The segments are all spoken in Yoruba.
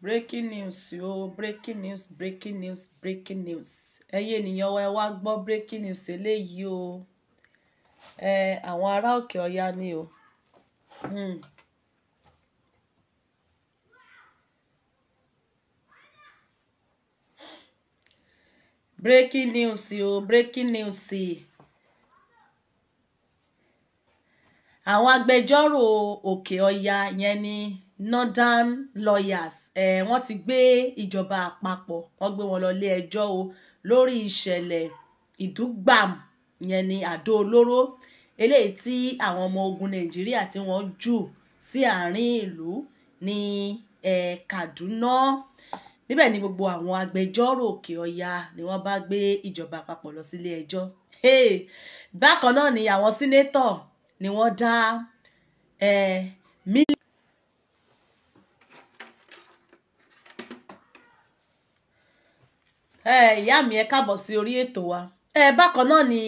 breaking news o oh, breaking news breaking news breaking news ẹ̀yin ènìyàn wa ẹ wá gbọ́ breaking news eléyìí o ẹ àwọn ará òkè ọya ni o hmm. breaking news o breaking news àwọn agbẹjọ́rò òkè ọya yẹn ni. Okay, northern lawyers eh, wọ́n ti gbé ìjọba àpapọ̀ wọ́n gbé wọn lọ lé ẹjọ́ o lórí ìṣẹ̀lẹ̀ ìdúgbàm yẹn ni àdó olóró eléyìí tí àwọn ọmọ ogun nàìjíríà tí wọ́n jù sí àárín ìlú ní eh, kaduna níbẹ̀ ni gbogbo àwọn agbẹjọ́rò òkè ọya ni wọ́n bá gbé ìjọba àpapọ̀ lọ sílé ẹjọ́ hey, bákan náà ni àwọn sínétọ̀ ni wọ́n dá eh, mílíọ̀nù. ìyá mi ẹ káàbọ̀ sí orí ètò wa bákan náà ni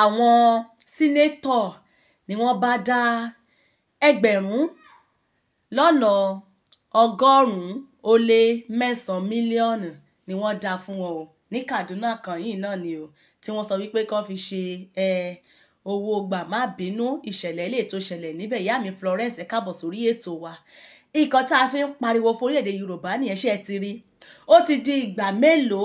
àwọn sínétọ̀ ni wọ́n bá dá ẹgbẹ̀rún lọ́nà ọgọ́rùn-ún ó lé mẹ́sàn-án mílíọ̀nù ni wọ́n dá fún wọn o ní Kaduna kan yìí náà ni o tí wọ́n sọ wípé kán fi ṣe ẹ owó gbà má bínú ìṣẹ̀lẹ̀ lè tó ṣẹlẹ̀ níbẹ̀ ìyá mi Florence ẹ káàbọ̀ sórí ètò wa nǹkan tá a fi ń pariwo forílẹ̀-èdè Yorùbá nìyẹn ṣe ti rí ó ti di ìgbà mélòó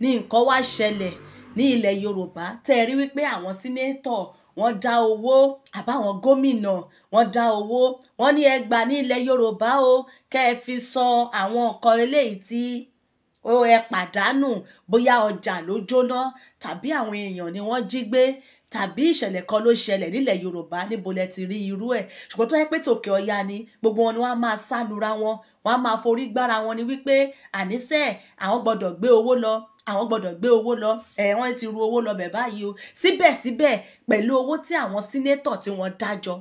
ni nǹkan wá ṣẹlẹ̀ ní ilẹ̀ Yorùbá tẹ́ ẹ rí wípé àwọn sínétọ̀ wọ́n dá owó àbáwọn gómìnà wọ́n dá owó wọ́n ní ẹgbà ní ilẹ̀ Yorùbá o kẹ́ ẹ fi sọ àwọn nǹkan eléyìí tí ó ẹ pàdánù bóyá ọjà ló jóná tàbí àwọn èèyàn ni wọ́n jí gbé tàbí ìṣẹ̀lẹ̀ kan ló ṣẹlẹ̀ nílẹ̀ yorùbá níbo lẹ ti rí irú ẹ̀ ṣùgbọ́n tó yẹ pé tòkè ọya ni gbogbo wọn ni wọ́n á máa sálura wọn wọ́n á máa forí gbára wọn ni wípé àníṣe àwọn gbọ́dọ̀ gbé owó lọ àwọn gbọ́dọ̀ gbé owó lọ ẹ wọ́n ti ru owó lọ bẹ̀ báyìí o síbẹ̀síbẹ̀ pẹ̀lú owó tí àwọn sínétọ̀ tí wọ́n dájọ́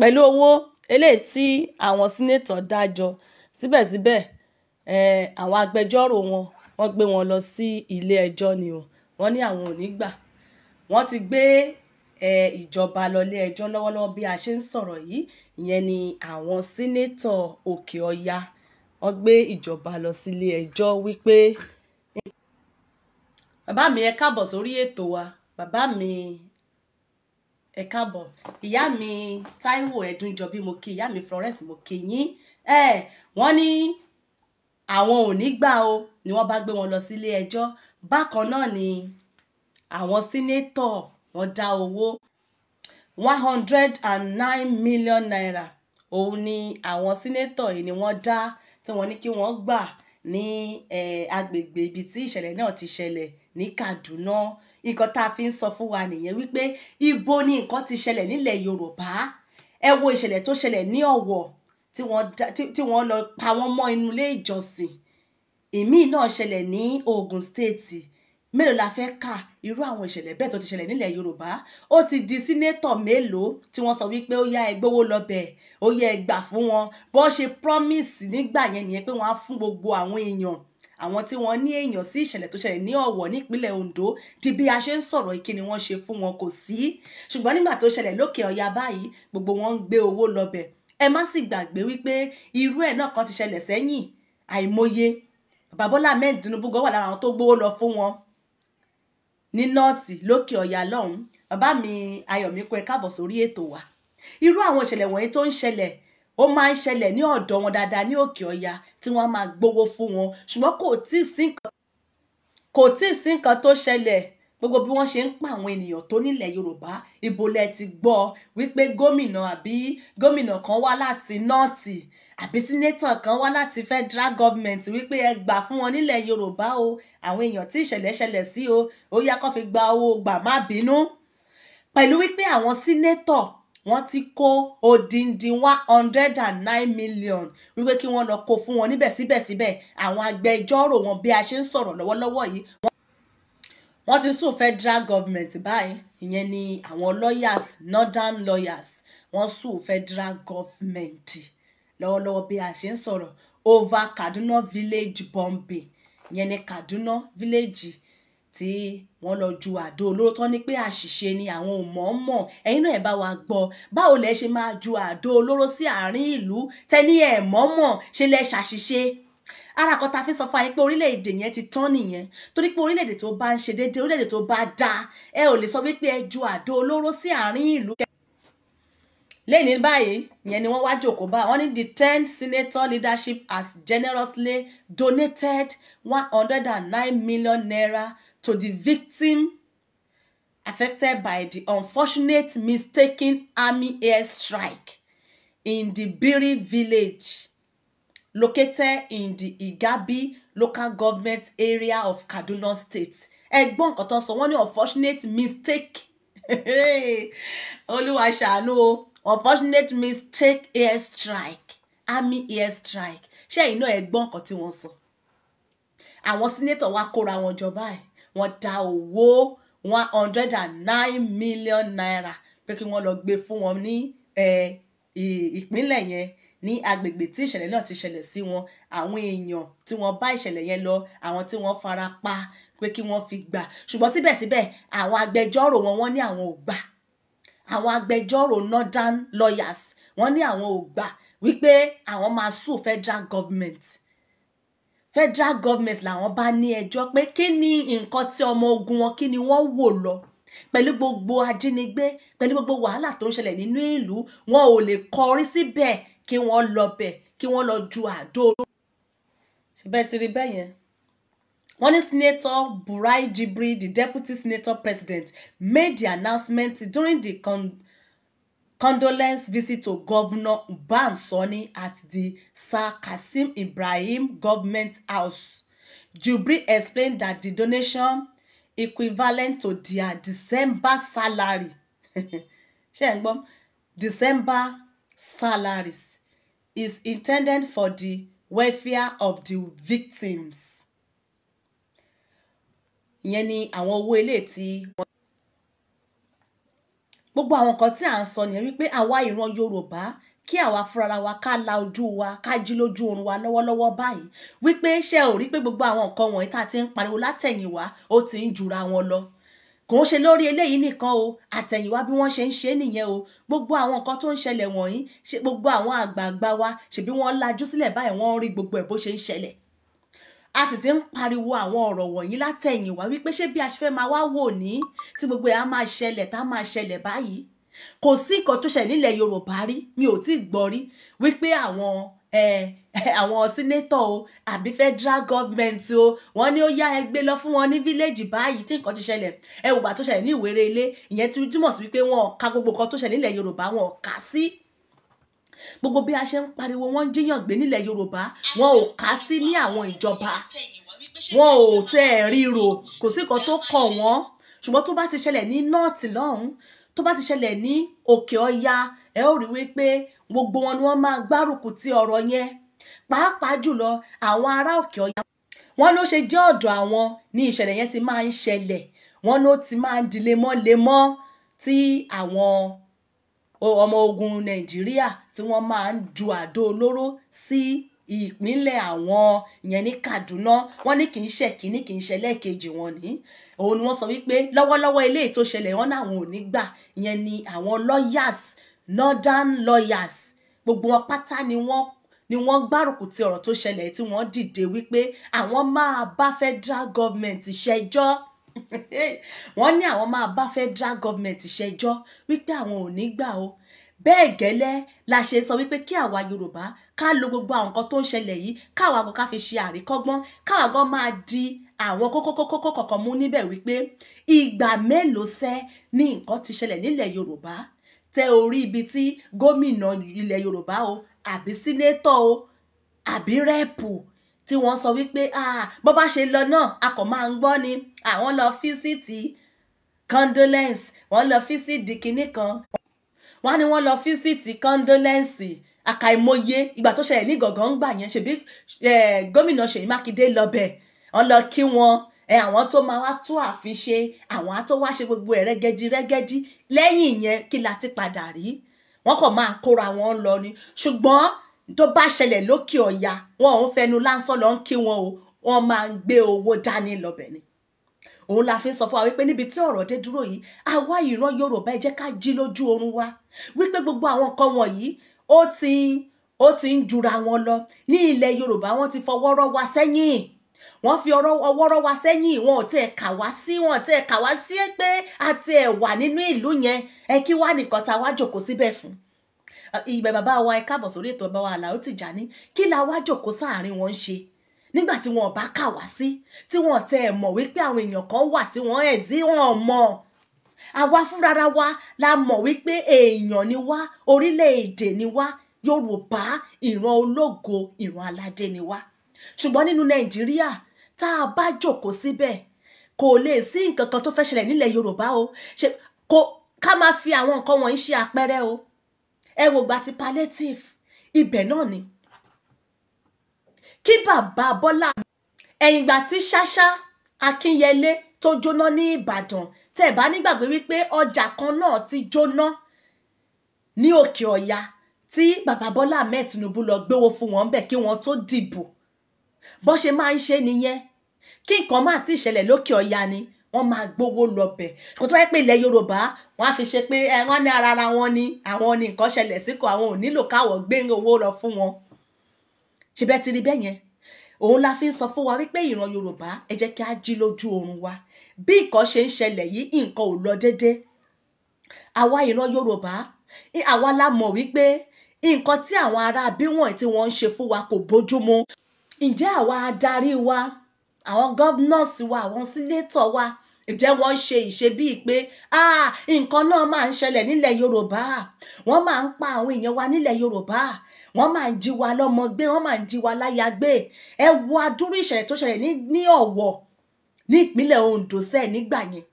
pẹ̀lú owó eléyìí tí àwọn sínétọ̀ dájọ́ síbẹ̀síbẹ̀ àwọn agbẹjọ́rò wọn wọ́n gbé wọn lọ sí ilé ẹjọ́ ni o wọ́n ní àwọn ò ní gbà wọ́n ti gbé ìjọba lọlé ẹjọ́ lọ́wọ́lọ́wọ́ bí a ṣe ń sọ̀rọ̀ yìí ìyẹn ni àwọn sínétọ̀ òkè ọya wọ́n gbé ìjọba lọ sílé ẹjọ́ wípé bàbá mi ẹ káàbọ̀ sórí ètò wa bàbá mi ẹ káàbọ̀ ìyá mi Táíwò Ẹdúnjọbí mo kí ìyá mi Florence mo kí yín ẹ wọ́n ní àwọn ò ní gbà o ni wọ́n bá gbé wọn lọ sílé ẹjọ́ bákan náà ni àwọn sínétọ̀ wọ́n dá owó one hundred and nine million naira òun ni àwọn sínétọ̀ yìí ni wọ́n dá tí wọ́n ní kí wọ́n gbà ní agbègbè ibi tí ìṣẹ̀lẹ̀ náà ti ṣẹlẹ̀ ní Kaduna nǹkan tá a fi ń sọ fún wa nìyẹn wípé ibo ni nǹkan ti ṣẹlẹ̀ nílẹ̀ Yorùbá ẹ wo ìṣẹ̀lẹ̀ tó ṣẹlẹ̀ ní Ọ̀wọ̀ tí wọ́n lọ pa wọ́n mọ́ inú ilé ìjọsìn ìmíì náà ṣẹlẹ̀ ní Ogun State mélòó la fẹ́ kà irú àwọn ìṣẹ̀lẹ̀ bẹ́ẹ̀ tó ti ṣẹlẹ̀ nílẹ̀ Yorùbá ó ti di sínétọ̀ mélòó tí wọ́n sọ wípé ó yá ẹgbówó lọ́bẹ̀ ó yẹ ẹgbà fún wọn bó ṣe promise nígbà yẹn nìyẹn pé wọ́n á fún gbogbo àwọn èèyàn àwọn tí wọ́n ní èèyàn sí ìṣẹ̀lẹ̀ tó ṣẹlẹ̀ ní Ọ̀wọ̀ nípínlẹ̀ Ondo di bí a ṣe ń sọ̀rọ̀ kí ni wọ́n ṣe fún wọn kò sí ṣùgbọ́n nígbà tó ṣẹlẹ̀ lókè ọ̀yà báyìí gbogbo wọn ń gbé owó lọ́bẹ̀ ẹ má sì gbàgbé wípé irú ẹ̀ náà kan ti ṣẹlẹ̀ sẹ́yìn àìmọye Babola Bọ́lá Ahmed Tinubu gan wà lára àwọn tó gbowó lọ fún wọn ní nọ́ọ̀tì lókè ọ̀yà lọ́hùn bàbá mi ayọ̀mí kó ẹ káàbọ̀ sórí ètò wa irú àwọn ìṣẹ̀lẹ̀ wọ̀nyí tó ń ṣẹlẹ̀ ó máa ń ṣẹlẹ̀ ní ọ̀dọ̀ wọn dáadáa ní òkè ọ̀yà tí wọ́n máa gbowó fún wọn ṣùgbọ́n kò tí ì sí nǹkan tó ṣẹlẹ̀ gbogbo bí wọ́n ṣe ń pa àwọn ènìyàn tó nílẹ̀ yorùbá ibo lẹ ti gbọ́ wípé gómìnà àbí gómìnà kan wá láti nọ́ọ̀tì àbí sínétàn kan wá láti federal government wípé ẹ gbà fún wọn nílẹ̀ yorùbá o àwọn èèyàn tí ìṣẹ̀lẹ̀ ṣẹlẹ̀ sí o ó yá kó fi gba owó gbà má bínú pẹ̀lú wípé àwọn sínétọ̀ wọ́n ti kó odindi one hundred and nine million wípé kí wọ́n lọ kó fún wọn níbẹ̀ síbẹ̀síbẹ̀ àwọn agbẹjọ́rò wọn bí a ṣe ń sọ̀rọ̀ lọ́wọ́lọ́wọ́ yìí wọ́n ti sùn federal government báyìí ìyẹn ni àwọn lawyers northern lawyers wọ́n sùn federal government lọ́wọ́lọ́wọ́ bí a ṣe ń sọ̀rọ̀ over Kaduna village bombing ìyẹn ni Kaduna village tí wọ́n lọ ju àdó olóró tán ni pé àṣìṣe ni àwọn ò mọ̀ ọ́n mọ̀ ẹ̀yin náà ẹ̀ bá wa gbọ́ báwo lẹ ṣe máa ju àdó olóró sí àárín ìlú tẹ́ni ẹ̀ mọ̀ mọ̀ ṣe lẹ ṣàṣìṣe ara kan ta fi sọ fún ayé pé orílẹ̀-èdè yẹn ti tán nìyẹn torí pé orílẹ̀-èdè tó bá ń ṣe déédéé orílẹ̀-èdè tó bá dáa ẹ ò lè sọ wípé ẹ ju àdó olóró sí àárín ìlú. lẹ́ni báyìí yẹn ni wọ́n wá jòkó bá wọ́n ní the tenth senator leadership has generously donated one hundred and nine million naira to the victim affected by the unfortunate mistaken army air strike in the Biri village located in the Igabi local government area of Kaduna State ẹgbọ́n nǹkan tó ń sọ wọ́n ní unfortunate mistake olúwa ṣàánú o unfortunate mistake air strike army air strike ṣé ẹ̀yin náà ẹgbọ́n nǹkan tí wọ́n sọ àwọn senator wa kóra wọn jọ báyìí wọ́n dá owó one hundred and nine million naira pé kí wọ́n lọ gbé fún wọn ní eh, ìpínlẹ̀ yẹn ní agbègbè tí ìṣẹ̀lẹ̀ náà ti ṣẹlẹ̀ sí wọn àwọn èèyàn tí wọ́n bá ìṣẹ̀lẹ̀ yẹn lọ àwọn tí wọ́n fara pa pé kí wọ́n fi gbà ṣùgbọ́n síbẹ̀síbẹ̀ àwọn agbẹjọ́rò wọn wọ́n ní àwọn ò gbà àwọn agbẹjọ́rò northern lawyers wọ́n ní àwọn ò gbà wípé àwọn máa sùn federal government federal government làwọn bá ní ẹjọ́ pé kí ni nǹkan tí ọmọ ogun wọn kí ni wọ́n wò lọ pẹ̀lú gbogbo ajínigbé pẹ̀lú gbogbo wàhálà tó ń ṣẹlẹ̀ nínú ìlú wọn ò lè kọrí síbẹ̀ kí wọ́n lọ bẹ̀ kí wọ́n lọ ju àdó oró. ṣùgbọ́n ti rí bẹ́ẹ̀ yẹn wọ́n ní senator burai jibri the deputy senator president made the announcement during the con condolence visit to governor uban sani at the sir kasim ibrahim government house jibri explained that the donation equivalent to their december salary ṣe ń gbọ́ december salaries is intended for the welfare of the victims. ìyẹn ni àwọn owó ilé tí wọ́n. gbogbo àwọn nǹkan tí à ń sọ nìyẹn wípé àwa ìran Yorùbá kí àwa fúnra wa ká la ojú wa ká jí lójú oorun wa lọ́wọ́lọ́wọ́ báyìí wípé ṣé ò rí pé gbogbo àwọn nǹkan wọ̀nyí tá a ti ń pariwo látẹ̀yìnwá ó ti ń jura wọn lọ kò ń ṣe lórí eléyìí nìkan o àtẹ̀yìnwá bí wọ́n ṣe ń ṣe nìyẹn o gbogbo àwọn nǹkan tó ń ṣẹlẹ̀ wọ̀nyí ṣe gbogbo àwọn àgbààgbà wa ṣèbí wọ́n lajú sílẹ̀ báyìí wọ́n rí gbogbo ẹ̀ bó ṣe ń ṣẹlẹ̀ a sì ti ń pariwo àwọn ọ̀rọ̀ wọ̀nyí látẹ̀yìnwá wípé ṣé bí a ṣe fẹ́ máa wá wò ní tí gbogbo ẹ̀ máa ṣẹlẹ̀ tá máa ṣẹlẹ̀ báyìí kò sí nǹkan tó ṣẹlẹ̀ nílẹ̀ Yorùbá rí mi ò tí ì gbọ́ rí wípé àwọn Eh, àwọn sínétọ̀ o àbí federal government o wọ́n ní ó yá ẹgbẹ́ lọ fún wọn ní fíléèjì báyìí tí nǹkan ti ṣẹlẹ̀ ẹ wò bá tó ṣẹlẹ̀ ní ìwéré ilé ìyẹn ti túmọ̀ sí wípé wọn ka gbogbo nǹkan tó ṣẹlẹ̀ nílẹ̀ yorùbá wọn kà sí gbogbo bí a ṣe ń pariwo wọn ń jíyàn gbé nílẹ̀ yorùbá wọn ò kà sí ní àwọn ìjọba wọn ò tẹ ẹ ríro kò sí nǹkan tó kọ wọn ṣùgbọ́n tó bá ti ṣẹlẹ̀ ní nọ́ọ̀tì lọ́hùn tó bá ti ṣẹlẹ̀ ní òkè ọya ẹ ó rí wípé gbogbo wọn ni wọ́n máa gbárùkù ti ọ̀rọ̀ yẹn pàápàá jùlọ àwọn ará òkè ọ̀yà wọn ló ṣe jẹ́ ọ̀dọ̀ àwọn ní ìṣẹ̀lẹ̀ yẹn ti máa ń ṣẹlẹ̀ wọn ló ti máa ń di lemọ́lemọ́ tí àwọn ọmọ ogun nàìjíríà tí wọ́n máa ń ju àdó olóró sí ìpínlẹ̀ àwọn ìyẹn ní kaduna wọn ní kì í ṣe kínní kì í ṣe lẹ́ẹ̀kejì wọn ní òun ni wọ́n sọ wípé lọ́wọ́lọ́wọ́ eléyìí tó ṣẹlẹ̀ wọn náà àwọn ò ní gbà ìyẹn ni àwọn lawyers northern lawyers gbogbo wọn pátá ni wọ́n ni wọ́n gbárùkù ti ọ̀rọ̀ tó ṣẹlẹ̀ tí wọ́n dìde wípé àwọn máa bá federal government ṣẹjọ́ wọ́n ní àwọn máa bá federal government ṣẹjọ́ wípé àwọn ò ní gbà o bẹ́ẹ̀ gẹ́lẹ́ la ṣe sọ wípé kí àwa Yorùbá ká lo gbogbo àwọn nǹkan tó ń ṣẹlẹ̀ yìí káwa gan ká fi ṣe àríkọ́gbọ́n káwa gan máa di àwọn kókókókó kọ̀ọ̀kan mú níbẹ̀ wípé ìgbà mélòó sẹ́ ni nǹkan ti ṣẹlẹ̀ nílẹ̀ Yorùbá tẹ orí ibi tí gómìnà ilẹ̀ yorùbá o àbí sínétọ̀ o àbí rẹ́ẹ̀pù tí wọ́n sọ wípé bó bá ṣe lọ náà a kò máa ń gbọ́ ni àwọn lọ fíṣítì condolence wọ́n lọ fíṣítì kínní kan wọ́n á ní wọ́n lọ fíṣítì condolence àkàìmọye ìgbà tó ṣẹlẹ̀ ní gọ̀ngàn ń gbà yẹn ṣèbí gómìnà ṣèyí mákindé lọ bẹ̀ wọ́n lọ kí wọn ẹ àwọn tó máa wá tó àfi ṣe àwọn tó wá ṣe gbogbo ẹ̀ rẹ́gẹ́dí rẹ́gẹ́dí lẹ́yìn ìyẹn kí la ti padà rí wọ́n kàn máa kóra wọn lọ ni ṣùgbọ́n tó bá ṣẹlẹ̀ lókè ọ̀yà wọn ò ń fẹnu lásán lọ ń kí wọn o wọn máa ń gbé owó dání lọ́bẹ̀ ni òun la fi ń sọ fún wa wípé níbi tí ọ̀rọ̀ dé dúró yìí àwa ìran Yorùbá ẹ jẹ́ ká jí lójú oorun wa wípé gbogbo àwọn nǹkan wọ̀nyí ó ti ó ti ń jura wọn lọ ní ilẹ̀ Yorùbá wọ́n ti fọwọ́ wa sẹ́yìn wọ́n fi ọwọ́ rọ́ wa sẹ́yìn wọn ò tẹ̀ kà wá sí wọn ò tẹ̀ kà wá sí pé a ti ẹ̀ wà nínú ìlú yẹn ẹ kí wá nìkan tá wá jòkó síbẹ̀ fún ìgbà bàbá wa ẹ káàbọ̀ sórí ètò ọba wa Àlàó Tìjàní kí la wá jòkó sáàrin wọn ṣe nígbà tí wọn bá kà wá sí tí wọn tẹ ẹ mọ̀ wípé àwọn èèyàn kan wà tí wọn ẹ sí wọn mọ̀ àwa fúnra wa la mọ̀ wípé èèyàn ni wá orílẹ̀-èdè ni wá Yorùbá ìran ológo ìran aládé ni wá ṣùgbọ́n nínú Nàìjíríà tá a bá jókòó síbẹ̀ kò lè sí nǹkan kan tó fẹ́ ṣẹlẹ̀ nílẹ̀ yorùbá o ṣe kò ká máa fi àwọn nǹkan wọ̀nyí ṣe àpẹẹrẹ o ẹ wò gba ti palliative ibẹ̀ náà ni kí bàbá bọ́lá ẹ̀yìn ìgbà tí ṣáṣá akínyẹlé tó jóná ní ìbàdàn tẹ́ bá nígbàgbé wípé ọjà kan náà ti jóná ní òkè ọ̀yà tí bàbá bọ́lá ahmed tinubu lọ gbéwó fún wọn bẹ̀ kí wọ́n tó dìbò bó ṣe máa ń ṣe nìyẹn kí nǹkan má ti ṣẹlẹ̀ lókè ọ̀yà ni wọ́n máa gbowó lọ́bẹ̀ kò tó wáyé pé ilẹ̀ yorùbá wọ́n á fi ṣe pé ẹ wọ́n ní ara ara wọn ni àwọn ni nǹkan ṣẹlẹ̀ síkọ àwọn ò nílò káwọ̀ gbé owó lọ fún wọn ṣe bẹ́ẹ̀ ti rí bẹ́ẹ̀ yẹn òun la fi ń sọ fún wa wípé ìran yorùbá ẹ jẹ́ kí a jí lójú oorun wa bí nǹkan ṣe ń ṣẹlẹ̀ yìí nǹkan ò lọ déédéé àwa ìran yorùbá àwa la mọ̀ wípé nǹkan tí àwọn ará bí wọ̀nyí tí wọ́n ń ṣe fún wa kò bójúmu ǹjẹ́ àwa adarí wa àwọn governors wa àwọn sínétọ̀ wa ǹjẹ́ wọ́n ṣe ìṣe bíi pé nǹkan náà máa ń ṣẹlẹ̀ nílẹ̀ Yorùbá wọ́n máa ń pa àwọn èèyàn wa nílẹ̀ Yorùbá wọ́n máa ń jí wa lọ́mọ gbé wọ́n máa ń jí wa láya gbé ẹ wo adúrú ìṣẹ̀lẹ̀ tó ṣẹlẹ̀ ní Ọ̀wọ̀ ní ìpínlẹ̀ Ondo sẹ́ẹ̀ nígbà yẹn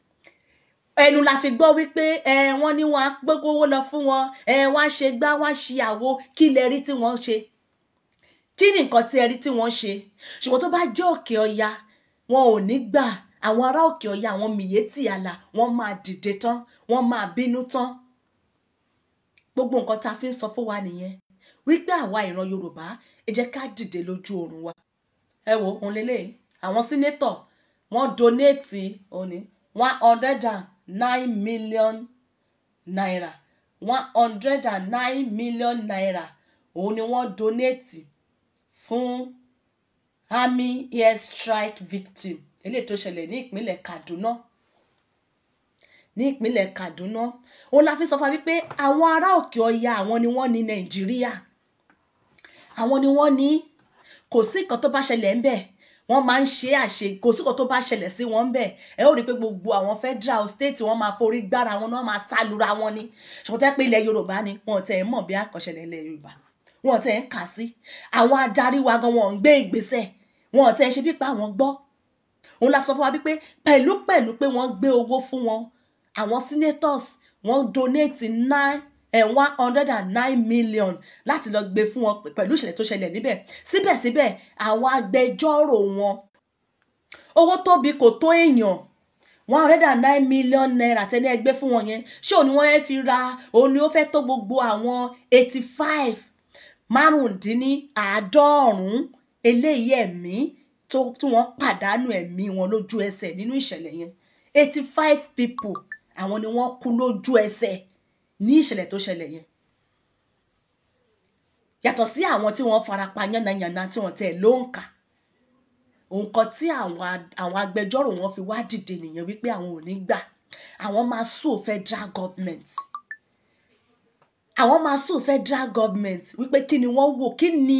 ẹnu la fi gbọ́ wípé ẹ wọ́n ní wọ́n á gbégbówó lọ fún wọn ẹ wọ́n ṣe gbá wọ́n á kí lẹ rí tí wọ́n ṣe kí ni nǹkan tí ẹ rí tí wọ́n ṣe ṣùgbọ́n tó bá jẹ́ òkè ọya wọn ò ní gbà àwọn ará òkè ọya àwọn mìyétì àlà wọ́n máa dìde tán wọ́n máa bínú tán gbogbo nǹkan tá a fi ń sọ fún wa nìyẹn wípé àwa ìran yorùbá ẹ jẹ́ ká dìde lójú oorun wa ẹ wo òun lélẹ́yìn àwọn sínétọ̀ wọ́n donéètì òní one hundred and nine million naira one hundred and nine million naira òun ni wọ́n donéètì fún army airstrike victim eléyìí tó ṣẹlẹ̀ ní ìpínlẹ̀ Kaduna ní ìpínlẹ̀ Kaduna òun la fi sọ fún wa wípé àwọn ará òkè ọya àwọn ni wọ́n ní Nàìjíríà àwọn ni wọ́n ní kò sí nǹkan tó bá ṣẹlẹ̀ ń bẹ̀ wọ́n máa ń ṣe àṣe kò sí nǹkan tó bá ṣẹlẹ̀ sí wọn ń bẹ̀ ẹ ó rí i pé gbogbo àwọn federal state wọ́n máa forí gbára wọn náà máa sálura wọn ni ṣùgbọ́n tẹ́ pé ilẹ̀ Yorùbá ni wọn tẹ́ ẹ mọ̀ bí àkọ́ṣẹlẹ̀ ilẹ̀ Yorùbá wọn tẹ̀ ń kà sí àwọn adarí wa gan wọn ń gbé ìgbésẹ̀ wọn tẹ̀ ń ṣe pípa àwọn gbọ́ òun la sọ fún wa wípé pẹ̀lú pẹ̀lú pé wọ́n gbé owó fún wọn àwọn senators wọ́n donate nine eh, one hundred and nine million láti lọ gbé fún wọn pẹ̀lú ìṣẹ̀lẹ̀ tó ṣẹlẹ̀ níbẹ̀ síbẹ̀síbẹ̀ àwọn agbẹjọ́rò wọn owó tóbi kò tó èèyàn one hundred and nine million naira tẹ́lẹ̀ gbé fún wọn yẹn ṣé òun ni wọ́n fẹ́ fi ra òun ni ó fẹ́ tó gbogbo àwọn eighty five márùndínláàádọ́rùn-ún eléyìí ẹ̀mí tí wọ́n pàdánù ẹ̀mí wọn lójú ẹsẹ̀ nínú ìṣẹ̀lẹ̀ yẹn eighty five people àwọn ni wọ́n kú lójú ẹsẹ̀ ní ìṣẹ̀lẹ̀ tó ṣẹlẹ̀ yẹn yàtọ̀ sí àwọn tí wọ́n farapa yánnayànna tí wọ́n tẹ̀ ló ń kà nǹkan tí àwọn agbẹjọ́rò wọn fi wá dìde nìyẹn wípé àwọn ò ní gbà àwọn máa sue federal government àwọn máa sùn federal government wípé kí ni wọ́n wò kí ni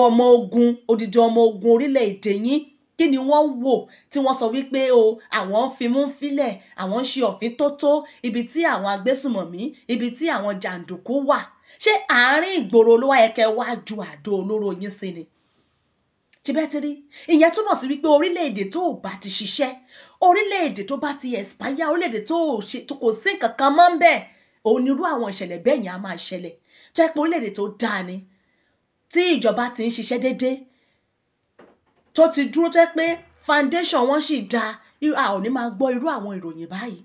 ọmọ ogun odidi ọmọ ogun orílẹ̀-èdè yín kí ni wọ́n wò tí wọ́n sọ wípé o àwọn ń fimú fílẹ̀ àwọn ń ṣe òfin tó tó ibi tí àwọn agbésùmọ̀mí ibi tí àwọn jàǹdùkú wà ṣé àárín ìgboro ló wá wá ju àdó olóró yín sí ni jìbẹ́tìrí ìyẹn túmọ̀ sí wípé orílẹ̀-èdè tó bá ti ṣiṣẹ́ orílẹ̀-èdè tó bá ti ẹ̀spáyà orílẹ̀-èdè tó kò sí nǹkan kan mọ́ ń bẹ́ẹ̀ onírú àwọn ìṣẹ̀lẹ̀ bẹ́ẹ̀ yẹn á máa ṣẹlẹ̀ tó yẹ pé orílẹ̀-èdè tó dáa ni tí ìjọba ti ń ṣiṣẹ́ déédéé tó ti dúró tó yẹ pé foundation wọn sì dáa a ò ní máa gbọ́ irú àwọn ìròyìn báyìí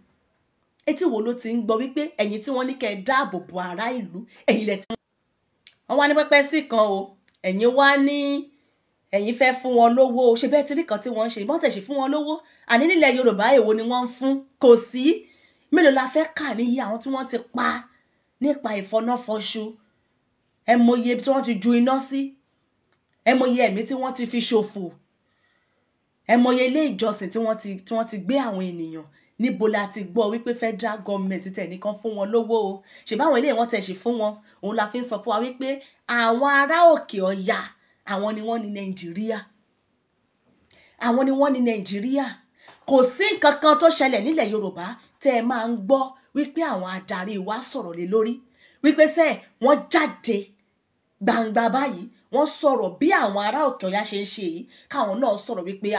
etí wo ló ti ń gbọ́ wípé ẹ̀yin tí wọ́n ní kẹ́ ẹ dáàbò bo ará ìlú ẹ̀yin lẹ̀ tí wọ́n wá ní pẹ́pẹ́ sí kan o ẹ̀yin wá ní ẹ̀yin fẹ́ fún wọn lówó o ṣe bẹ́ẹ̀ tí rí kan tí wọ́n ń ṣe bọ́n tẹ̀ ṣe fún wọn lówó àní nílẹ̀ Yorùbá èwo ni wọ́n ń fún kò sí mélòó la fẹ́ kà níyì àwọn tí wọ́n ti pa nípa ìfọnáfọṣu ẹ mọye tí wọ́n ti ju iná sí ẹ mọye ẹ̀mí tí wọ́n ti fi ṣòfò ẹ mọye ilé ìjọsìn tí wọ́n ti tí wọ́n ti gbé àwọn ènìyàn níbo la ti gbọ́ wípé federal government tẹ̀ nìkan fún wọn lówó o ṣèbáwọn ilé wọn tẹ̀ sí fún wọn òun la fi ń sọ fún wa wípé àwọn ará òkè ọ̀yà àwọn ni wọ́n ní nàìjíríà àwọn ni wọ́n ní nàìjíríà kò sí nǹkan kan tó ṣẹlẹ̀ nílẹ̀ yorùbá tẹ́ ẹ máa ń gbọ́ wípé àwọn adarí wa sọ̀rọ̀ lé lórí wípé sẹ́ wọ́n jáde gbangba báyìí wọ́n sọ̀rọ̀ bí àwọn ará òkè ọ̀yà ṣe ń ṣe yìí káwọn náà sọ̀rọ̀ wípé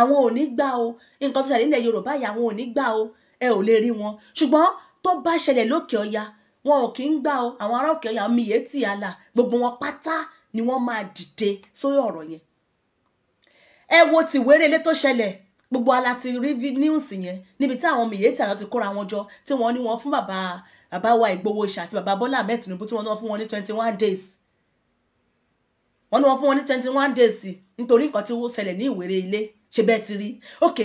àwọn ò ní gbà o nǹkan tó ṣẹlẹ̀ nílẹ̀ yorùbá yìí àwọn ò ní gbà o ẹ ò lè rí wọn ṣùgbọ́n tó bá ṣẹlẹ̀ lókè ọ̀yà wọn ò kí ń gbà o àwọn ará òkè ọ̀yà Miyetti Allah gbogbo wọn pátá ni wọ́n máa dìde sórí ọ̀rọ̀ yẹn ẹ wo tìwérelé tó ṣẹlẹ̀ gbogbo ala ti rí news yẹn níbi tí àwọn mìíyé tàná ti kóra wọn jọ tí wọ́n ní wọ́n fún bàbá bàbá wa Ìgbòho àti bàbá Bọ́lá Ahmed Tinubu tí wọ́n ní wọ́n fún wọn ní twenty one days wọ́n ní wọ́n fún wọn ní twenty one days nítorí nǹkan tí ó ṣẹlẹ̀ ní Ìwéré Ilé ṣe bẹ́ẹ̀ ti rí ok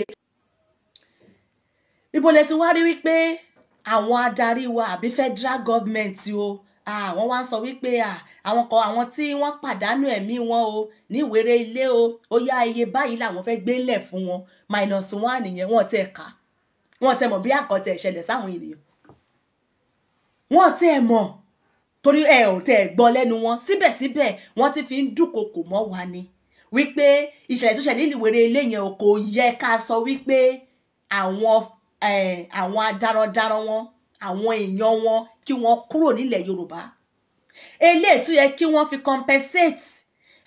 ibo lẹ ti wá rí wípé àwọn adarí wa àbí federal government o àwọn wá ń sọ wípé àwọn kan àwọn tí wọ́n pàdánù ẹ̀mí wọn o níwèrè ilé o ó yá iye báyìí làwọn fẹ́ gbé ńlẹ̀ fún wọn minus one nìyẹn wọ́n tẹ̀ ká wọ́n tẹ̀ mọ̀ bí àkọ́tẹ̀ ìṣẹ̀lẹ̀ sáwọn ènìyàn wọ́n tẹ̀ mọ̀ torí ẹ ò tẹ̀ gbọ́ lẹ́nu wọn síbẹ̀síbẹ̀ wọ́n ti fi ń dúnkokò mọ́ wa ni wípé ìṣẹ̀lẹ̀ tó ṣẹlẹ̀ níwèrè ilé yẹn kò yẹ ká sọ wípé àwọn àwọn adarandaran wọn àwọn èèyàn wọn kí wọ́n kúrò nílẹ̀ yorùbá eléyìí tó yẹ kí wọ́n fi compensate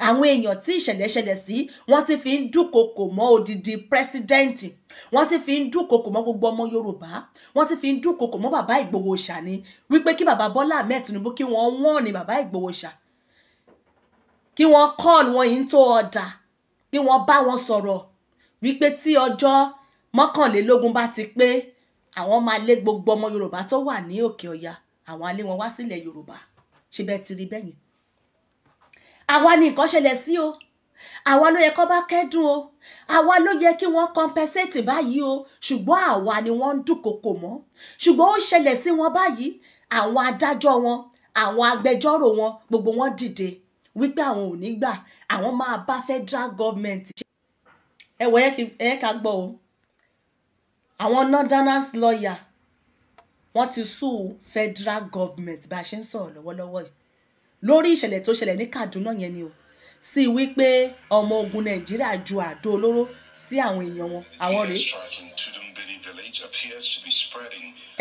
àwọn èèyàn tí ìṣẹ̀lẹ̀ ṣẹlẹ̀ sí wọ́n ti fi ń dúnkokò mọ́ odidi pírẹsidẹ́ǹtì wọ́n ti fi ń dúnkokò mọ́ gbogbo ọmọ yorùbá wọ́n ti fi ń dúnkokò mọ́ bàbá ìgbòho ṣà ni wípé kí bàbá bọ́lá ahmed tinubu kí wọ́n wọ́n ní bàbá ìgbòho ṣà kí wọ́n call wọn yìí tó ọ̀dà kí wọ́n bá wọn sọ̀rọ̀ wípé tí ọjọ́ mọ́kànlélógún bá ti pé àwọn máa lé gbogbo ọmọ yorùbá tó wà ní òkè ọya àwọn alé wọn wá sílẹ̀ yorùbá ṣe bẹ́ẹ̀ ti rí bẹ́ẹ̀ yẹn àwa ni nǹkan ṣẹlẹ̀ sí o àwa ló yẹ kó bá kẹ́dùn o àwa ló yẹ kí wọ́n compensate báyìí o ṣùgbọ́n àwa ni wọ́n ń dúnkokò mọ́ ṣùgbọ́n ó ṣẹlẹ̀ sí wọn báyìí àwọn adájọ́ wọn àwọn agbẹjọ́rò wọn gbogbo wọn dìde wípé àwọn ò ní gbà àwọn máa bá federal government ṣe ẹ̀wọ̀ ẹ̀ ká gbọ́ o àwọn northerners lawyer wọ́n ti sue federal government bá a ṣe ń sọ̀rọ̀ lọ́wọ́lọ́wọ́ yìí lórí ìṣẹ̀lẹ̀ tó ṣẹlẹ̀ ní Kaduna yẹn ni o sì wípé ọmọ ogun Nàìjíríà ju àdó olóró sí àwọn èèyàn wọn àwọn rèé.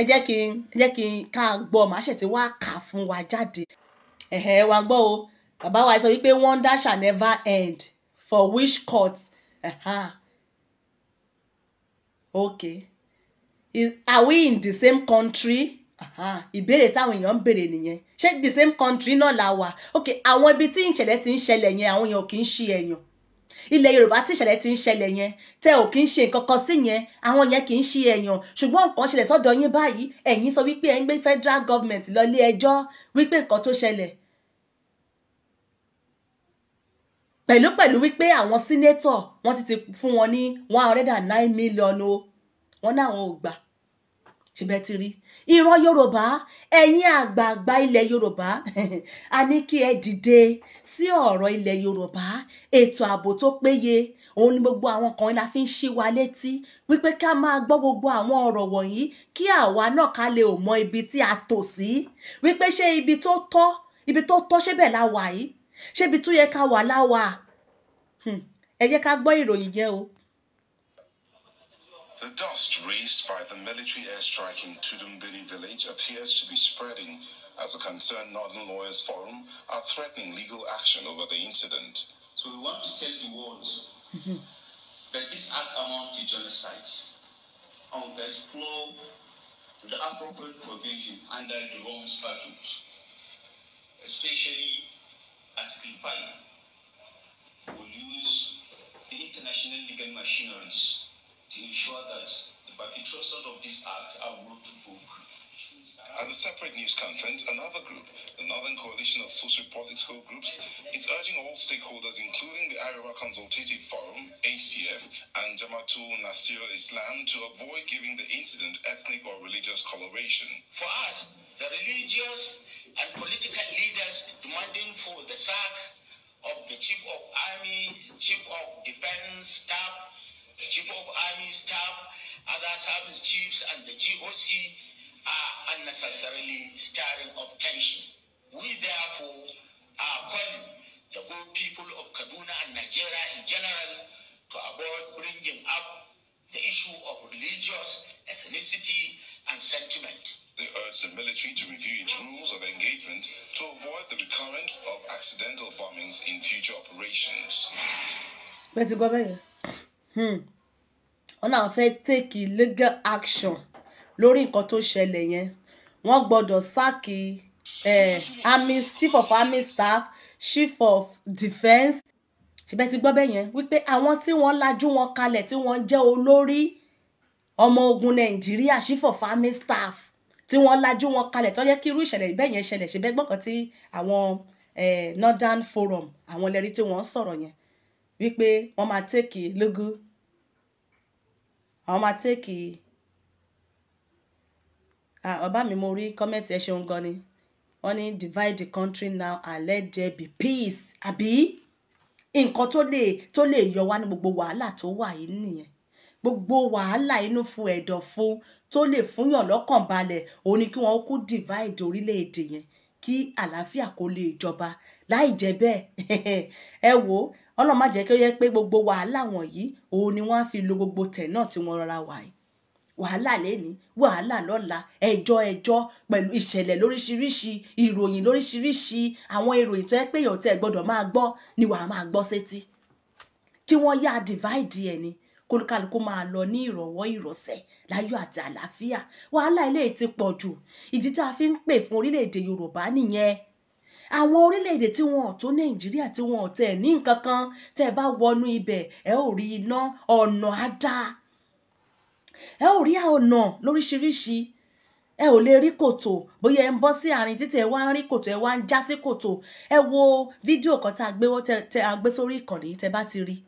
ẹ jẹ́ kí ẹ jẹ́ kí ká gbọ́ màá ṣẹ̀ tí wàá kà fún wa jáde ẹ̀hẹ́ wa gbọ́ o bàbá wa sọ wípé wonder shall never end for which court. Uh -huh okay Is, are we in the same country ìbéèrè táwọn èèyàn ń béèrè nìyẹn ṣé the same country náà la wà okay àwọn ibi tí ìṣẹ̀lẹ̀ ti ń ṣẹlẹ̀ yẹn àwọn èèyàn kì í ṣe èèyàn ilẹ̀ yorùbá tí ìṣẹ̀lẹ̀ ti ń ṣẹlẹ̀ yẹn tẹ́ ò kì í ṣe nǹkan kan sí yẹn àwọn yẹn kì í ṣe èèyàn ṣùgbọ́n nǹkan ṣẹlẹ̀ sọ́dọ̀ yín báyìí ẹ̀yin sọ wípé ẹ̀ ń gbé federal government lọ ilé ẹjọ́ wípé nǹkan tó ṣẹlẹ̀ pẹ̀lúpẹ̀lú wípé àwọn sínétọ̀ wọ́n ti ti fún wọn ní one hundred and nine million o wọ́n náà wọn ò gbà ṣùgbọ́n ti rí ìran yorùbá ẹ̀yin àgbààgbà ilẹ̀ yorùbá a ní kí ẹ dìde sí ọ̀rọ̀ ilẹ̀ yorùbá ètò ààbò tó péye òun ni gbogbo àwọn kan la fi ń ṣí wa létí wípé ká máa gbọ́ gbogbo àwọn ọ̀rọ̀ wọ̀nyí kí àwa náà ká lè mọ ibi tí a tò sí wípé ṣé ibi tó tọ́ ibi tó tọ́ ṣébẹ̀ la wà yìí yẹ ká wà láwà hmm. ẹ jẹ́ ká gbọ́ ìròyìn jẹ́ o. The dust raised by the military airstrike in Tudumbiri village appears to be spreading as a concerned Northern Lawyers Forum are threatening legal action over the incident. So we want to tell the world mm-hmm. that this act amounts to genocide and um, we explore the appropriate provision under the Rome Statute, especially Article 5 will use the international legal machineries to ensure that the perpetrators of this act are brought to book. At a separate news conference, another group, the Northern Coalition of Social Political Groups, is urging all stakeholders, including the Iowa Consultative Forum, ACF, and Jamaatul Nasir Islam, to avoid giving the incident ethnic or religious coloration. For us, the religious and political leaders demanding for the sack of the chief of army, chief of defense staff, the chief of army staff, other service chiefs, and the GOC are unnecessarily stirring up tension. We therefore are calling the good people of Kaduna and Nigeria in general to avoid bringing up the issue of religious, ethnicity, and sentiment. They urged the military to review its rules of engagement to avoid the recurrence of accidental bombings in future operations. bẹ́ẹ̀ ti gbọ́ bẹ́ẹ̀ yẹn wọ́n náà fẹ́ take legal action lórí nǹkan tó ṣẹlẹ̀ yẹn wọ́n gbọ́dọ̀ sáàkì eh, army chief of army staff chief of defence ṣùgbọ́n ti gbọ́ bẹ́ẹ̀ yẹn wípé àwọn tí wọ́n lajú wọn kalẹ̀ tí wọ́n jẹ́ olórí ọmọ ogun nàìjíríà chief for army staff tí wọ́n lajú wọn kalẹ̀ tó yẹ kí irú ìṣẹ̀lẹ̀ bẹ́ẹ̀ yẹn ṣẹlẹ̀ ṣe bẹ́ẹ̀ gbọ́kàn tí àwọn northern forum àwọn lẹ́rí tí wọ́n sọ̀rọ̀ yẹn wípé wọ́n máa tẹ́kì lógún àwọn máa tẹ́kì bàbá mi mo rí kọ́mẹ́ǹtì ẹ ṣeun gan ni wọ́n ní divide the country now and let there be peace àbí nǹkan tó lè tó lè yọ wá ní gbogbo wàhálà tó wà yìí nìyẹn gbogbo wàhálà inú fún ẹ̀dọ̀fún tó lè fúnyàn lọ́kàn balẹ̀ òun ni kí wọ́n kú divide orílẹ̀-èdè yẹn kí àlàáfíà kó lè jọba láì jẹ́ bẹ́ẹ̀ ẹ wo ọlọ́run má jẹ́ kí ó yẹ pé gbogbo wàhálà wọ̀nyí òun ni wọ́n á fi lo gbogbo tẹ̀ náà tí wọ́n rọra wà yìí wàhálà lẹ́ni wàhálà lọ́la ẹjọ́ ẹjọ́ pẹ̀lú ìṣẹ̀lẹ̀ lóríṣiríṣi ìròyìn lóríṣiríṣi àwọn ìròyìn tó yẹ pé èèyàn tẹ́ gbọ́dọ̀ máa gbọ́ ni wàá máa gbọ́ sétí kí wọ́n yá divide ẹni kólúkálukú máa lọ ní ìrọ̀wọ́ ìrọ̀sẹ̀ láyọ̀ àti àlàáfíà wàhálà ilé ti pọ̀ jù ìdí tá a fi ń pè fún orílẹ̀-èdè Yorùbá nìyẹn àwọn orílẹ̀-èdè tí wọn ò tó Nàìjíríà tí wọn ò tẹ̀ ní nǹkan kan tẹ́ ẹ bá wọnú ibẹ̀ ẹ ò rí iná ọ̀nà á dáa ẹ ò rí ọ̀nà lóríṣiríṣi ẹ ò lè rí kòtò bóyá ẹ ń bọ́ sí àárín títí ẹ wá ń rí kòtò ẹ wá ń já sí kòtò ẹ wo fídíò kan tá a gbé wọ́n tẹ a gbé sórí ìkànnì tẹ bá ti rí i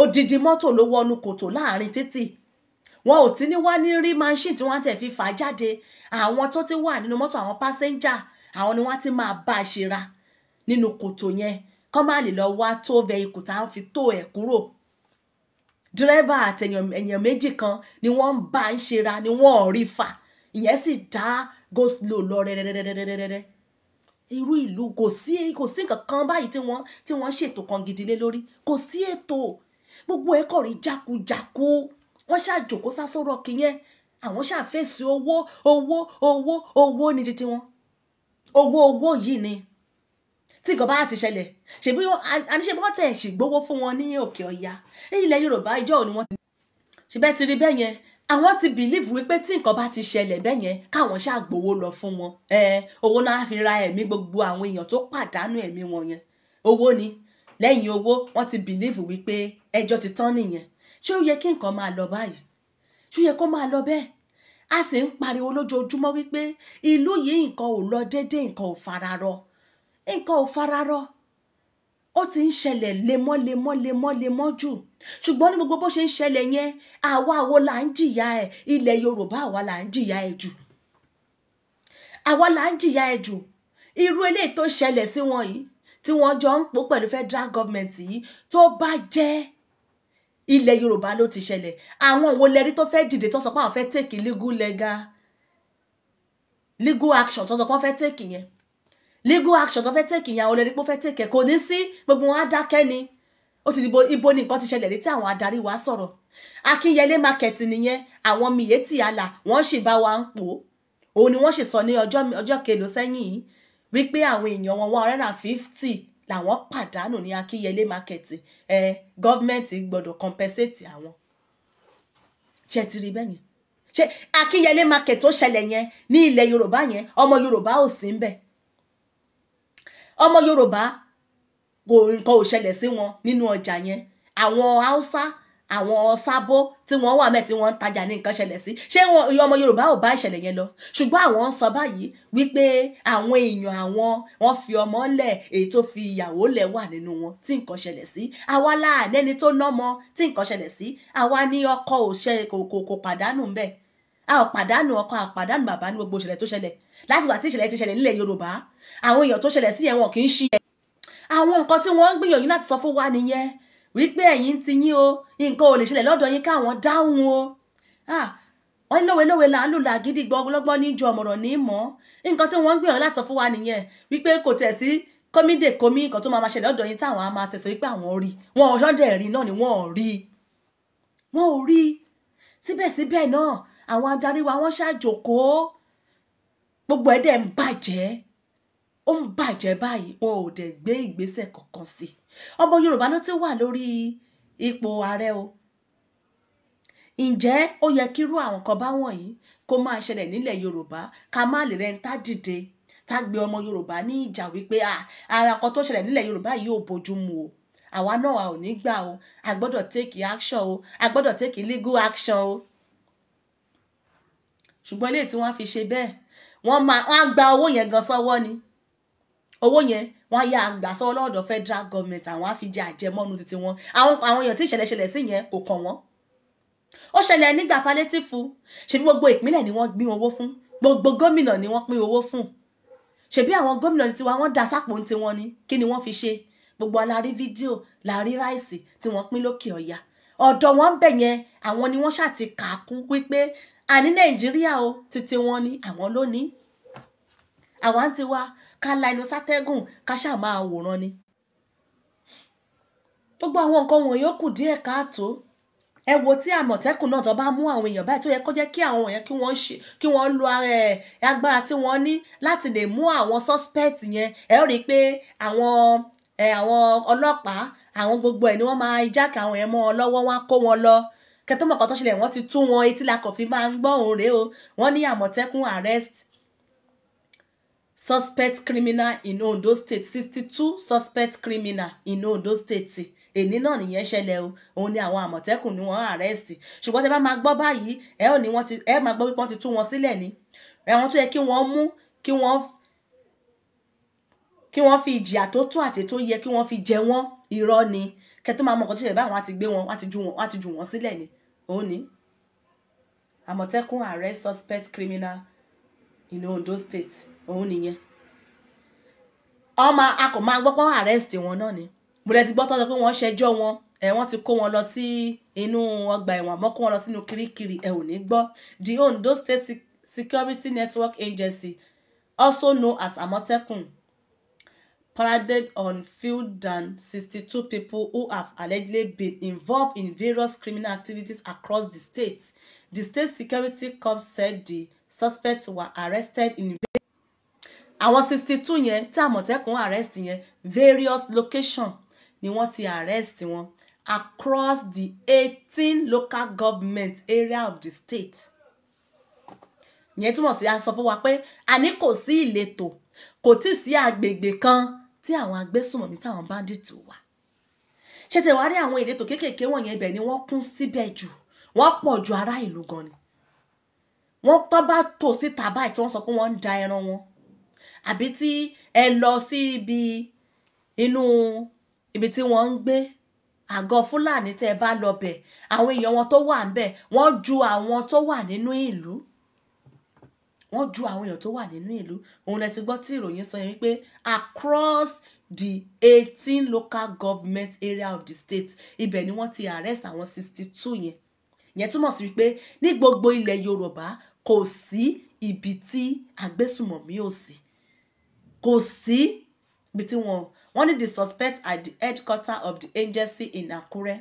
odidi mọ́tò ló wọnú kòtò láàrin títì wọn ò ti ní wá ní rí machine tí wọ́n tẹ̀ fi fà á jáde àwọn tó ti wà nínú mọ́tò àwọn pásẹ́ńjà àwọn ni wọ́n ti máa bá a ṣe ra nínú kòtò yẹn kọ́ má lè lọ wá tó vehicle tá à ń fi tó ẹ̀ kúrò dírẹ́bà àtẹ̀yàn méjì kan ni wọ́n ń bá ń ṣera ni wọ́n ò rí fà ìyẹn sì dá go slow lọ rẹ́rẹ́rẹ́rẹ́rẹ́rẹ́ irú ìlú kò sí kò sí nǹkan kan báyìí tí wọ́n tí wọ́n ṣètò kan gidi lé lórí kò sí ètò gbogbo ẹ kọ̀ rí jákujáku wọ́n ṣáà jòkó sásọ̀rọ̀ kìyẹn àwọn ṣáà fèsì owó owó owó owó ní títí wọn owó owó yìí ni tí nǹkan bá ti ṣẹlẹ̀ ṣèbí àníṣebí wọ́n tẹ̀ ṣègbówó fún wọn ní òkè ọ̀yà ilẹ̀ yorùbá ìjọ òní wọ́n ti ṣebẹ́ ti rí bẹ́ẹ̀ yẹn àwọn ti bìlíìfù wípé tí nǹkan bá ti ṣẹlẹ̀ bẹ́ẹ̀ yẹn káwọn ṣáà gbowó lọ fún wọn owó náà fi ra ẹ̀mí gbogbo àwọn èèyàn tó pàdánù ẹ̀mí wọn yẹn owó ni lẹ́yìn owó wọ́n ti bìlíìfù wípé ẹjọ́ ti tán nìyẹn ṣé ó yẹ kí nǹkan máa lọ báyìí ṣó yẹ kó máa lọ bẹ́ẹ̀ a sì ń pariwo lójoojúmọ́ wípé ìlú yìí nǹkan ò lọ déédéé nǹkan ò fararọ nǹkan ò fararọ ó ti ń ṣẹlẹ̀ lemọ́lemọ́ lemọ́lemọ́ jù ṣùgbọ́n ní gbogbo bó ṣe ń ṣẹlẹ̀ yẹn àwa àwo là ń jìyà ẹ̀ ilẹ̀ Yorùbá àwa là ń jìyà ẹ̀ jù àwa là ń jìyà ẹ̀ jù irú eléyìí tó ṣẹlẹ̀ sí wọn yìí tí wọ́n jọ ń pò pẹ̀lú federal government yìí tó bá jẹ́ ilẹ̀ yorùbá ló ti ṣẹlẹ̀ àwọn wo lẹ́rí tó fẹ́ dìde tó sọ pé àwọn fẹ́ take legal lega. legal action tó sọ pé wọ́n fẹ́ take yẹn legal action tó fẹ́ take yẹn àwọn olórí pé wọ́n fẹ́ take yẹn kò ní sí gbogbo wọn á dákẹ́ ni ó ti dìbò ibo ni nǹkan ti ṣẹlẹ̀ rí tí àwọn adarí wa sọ̀rọ̀ akínyẹlé market nìyẹn àwọn miyetti àlà wọ́n sì bá wa ń pò òun ni wọ́n sì sọ ní ọjọ́ kèlò sẹ́yìn yìí wípé àwọn èèyàn wọn one hundred and fifty làwọn pàdánù ní akínyẹlé market ẹ gọ́ọ̀mẹ̀ntì gbọ́dọ̀ compensate àwọn ṣe ti rí bẹ́ẹ̀ yẹn ṣe akínyẹlé market tó ṣẹlẹ̀ yẹn ní ilẹ̀ yorùbá yẹn ọmọ yorùbá ò sí ń bẹ̀ ọmọ yorùbá kò nǹkan ò ṣẹlẹ̀ sí wọn nínú ọjà yẹn àwọn haúsá àwọn sábó tí wọ́n wà mẹ́ẹ̀ tí wọ́n ń tajà ní nǹkan ṣẹlẹ̀ sí ṣé ọmọ Yorùbá ò bá ìṣẹ̀lẹ̀ yẹn lọ ṣùgbọ́n àwọn ń sọ báyìí wípé àwọn èèyàn àwọn wọ́n fi ọmọ lẹ̀ èyí tó fi ìyàwó lẹ̀ wà nínú wọn tí nǹkan ṣẹlẹ̀ sí àwa láàlẹ́ni tó nọ́mọ tí nǹkan ṣẹlẹ̀ sí àwa ní ọkọ òṣè kò kò pàdánù ń bẹ́ẹ̀ a ò pàdánù ọkọ a pàdánù bàbá ní gbogbo ìṣẹ̀lẹ̀ tó ṣẹlẹ̀ láti wà tí ìṣẹ̀lẹ̀ ti ṣẹlẹ̀ nílẹ̀ Yorùbá àwọn èèyàn tó ṣẹlẹ̀ sí ẹ̀wọ̀n kì í ṣe àwọn nǹkan tí wọ́n ń gbìyànjú láti wípé ẹ̀yin ti yín o nǹkan ò lè ṣẹlẹ̀ lọ́dọ̀ yín káwọn dáhùn o wọ́n ní lówelówe là ń lò làgídí gbọ́gbọ́n ní ju ọ̀mọ̀rọ̀ ní mọ́ nǹkan tí wọ́n ń gbìyànjú láti fún wa nìyẹn wípé kò tẹ̀ sí kọ́mídé kọ́mí nǹkan tó máa ma ṣẹlẹ̀ lọ́dọ̀ yín táwọn á máa tẹ̀sọ̀ wípé àwọn rí wọn ò ṣọ́dẹ̀ rí náà ni wọ́n ò rí wọ́n ò rí síbẹ̀síbẹ̀ náà àwọn adarí wa wọ́n ṣàjòkóó gbogbo ẹ̀ dẹ̀ ń bàjẹ́ ó ń bàjẹ́ báyìí wọn ò dẹ̀ gbé ìgbésẹ̀ kankan sí i ọmọ yorùbá ló ti wà lórí ipò ààrẹ o ǹjẹ́ ó yẹ kírú àwọn kan bá wọ̀nyí kó máa ṣẹlẹ̀ nílẹ̀ yorùbá ká má lè rẹ́ ń tá dìde tá gbé ọmọ yorùbá ní ìjà wípé ara kan tó ṣẹlẹ̀ nílẹ̀ yorùbá yìí ò bójú mu o àwa náà ò ní gbà o a gbọ́dọ̀ take action o a gbọ́dọ̀ take legal action o ṣùgbọ́n ilé tí wọ́n fi ṣe bẹ́ẹ̀ wọ́n máa wọ́n á gba owó yẹn gan sọ́wọ́ ni owó yẹn wọ́n á yá àgbà sọ ọlọ́dọ̀ federal government àwọn á fi jẹ àjẹmọ́nu títí wọn àwọn àwọn èèyàn tí ìṣẹ̀lẹ̀ ṣẹlẹ̀ sí yẹn kò kàn wọ́n ó ṣẹlẹ̀ nígbà palétífù ṣebí gbogbo ìpínlẹ̀ ni wọ́n gbin owó fún gbogbo gómìnà ni wọ́n pín owó fún ṣebí àwọn gómìnà tiwa wọ́n da sápò tiwọn ni kí ni wọ́n fi ṣe gbogbo alárí fídíò láàrí ráìsì tí wọ́n pín lókè ọ̀yà ọ̀dọ̀ wọn bẹ̀ yẹn àwọn ni wọ́n ṣàti wípé àní nàìjíríà o títí wọn ni àwọn lónìí àwa ń tiwa ká la inú sátẹ́gùn ká ṣáà máa wòran ni. gbogbo àwọn nǹkan wọ̀nyí ó kù díẹ̀ káàtó ẹ wo tí àmọ̀tẹ́kùn náà tó bá mú àwọn èèyàn báyìí tó yẹ kó jẹ́ kí àwọn èèyàn kí wọ́n lo ara ẹ̀ agbára tí wọ́n ní láti lè mú àwọn suspect yẹn ẹ rí i pé àwọn àwọn ọlọ́pàá àwọn gbogbo ẹ̀ ni wọ́n máa jákè àwọn yẹn mọ́ ọ lọ́wọ́ wọn á kó wọn lọ kẹtọ́mọ̀kọ́ tó ṣẹlẹ̀ wọ́n ti tú wọn etí la kò fi máa ń gbọ́ òun rèé o wọ́n ní àmọ̀tẹ́kùn arrest suspect criminal in Ondo State sixty two suspect criminal in Ondo State èní náà nìyẹn ṣẹlẹ̀ o òun ni àwọn àmọ̀tẹ́kùn ni wọ́n àrẹ́sì ṣùgbọ́n tẹ bá máa gbọ́ báyìí ẹ ò ní wọ́n ti ẹ máa gbọ́ pé wọ́n ti tú wọn sílẹ̀ ni ẹ̀wọ̀n tó yẹ kí wọ́n mú kí wọ́n kí wọ́n fi ìjìyà tó tó àti tó yẹ kí wọ́n fi jẹ wọ́n irọ́ ni kẹ tó máa mọ nǹkan tó ṣẹlẹ̀ báyìí wọ́n á gbé wọn wọ́n ju wọn wọ́n ju wọn sílẹ̀ ni òun ni àmọ̀tẹ́kùn arrest suspect criminal in Ondo State òun nìyẹn ọmọ akọ̀ máa gbọ́ pé arrest wọn náà ni mo lẹ ti gbọ́ tọ́jọ́ pé wọ́n ṣẹjọ́ wọn ẹ̀ wọ́n ti kó wọn lọ sí inú ọgbà ẹ̀wọ̀n àmọ́ kó wọn lọ sínú kirikiri ẹ̀ ò ní gbọ́ the Ondo State Security Network Agency also known as Amotekun paraded on field than sixty-two people who have allegedly been involved in various criminal activities across the state. The state security corps said the suspects were arrested in àwọn sixty two yẹn tí àmọ̀tẹ́kùn arrest yẹn various location ni wọ́n ti arrest wọn across the eighteen local government area of the state yẹn túmọ̀ sí a sọ fún wa pé àní kò sí ìletò kò tí ì sí agbègbè kan tí àwọn agbésùmọ̀mí táwọn bandit wà ṣé tẹ̀ wá rí àwọn ìletò kéékèèké wọ̀nyẹn ibẹ̀ ni wọ́n kún síbẹ̀ jù wọ́n pọ̀ ju ará ìlú gan ni wọ́n tọ́ bá tò síta báyìí tí wọ́n sọ pé wọ́n ń da ẹran wọn àbí tí ẹ lọ sí ibi inú ibi tí wọ́n ń gbé àgọ́ fúlàní tẹ́ ẹ bá lọ bẹ̀ àwọn èèyàn wọn tó wà ńbẹ̀ wọ́n ju àwọn tó wà nínú ìlú wọ́n ju àwọn èèyàn tó wà nínú ìlú òun lẹ ti gbọ́ tí ìròyìn sọ yẹn wípé across the eighteen local government area of the state ibẹ̀ ni wọ́n ti arrest àwọn sixty two yẹn yẹn túmọ̀ sí wípé ní gbogbo ilẹ̀ yorùbá kò sí ibi tí agbésùmọ̀mí ò sí kò sí ibi tí wọ́n ní the suspect at the headquarter of the agency in Akure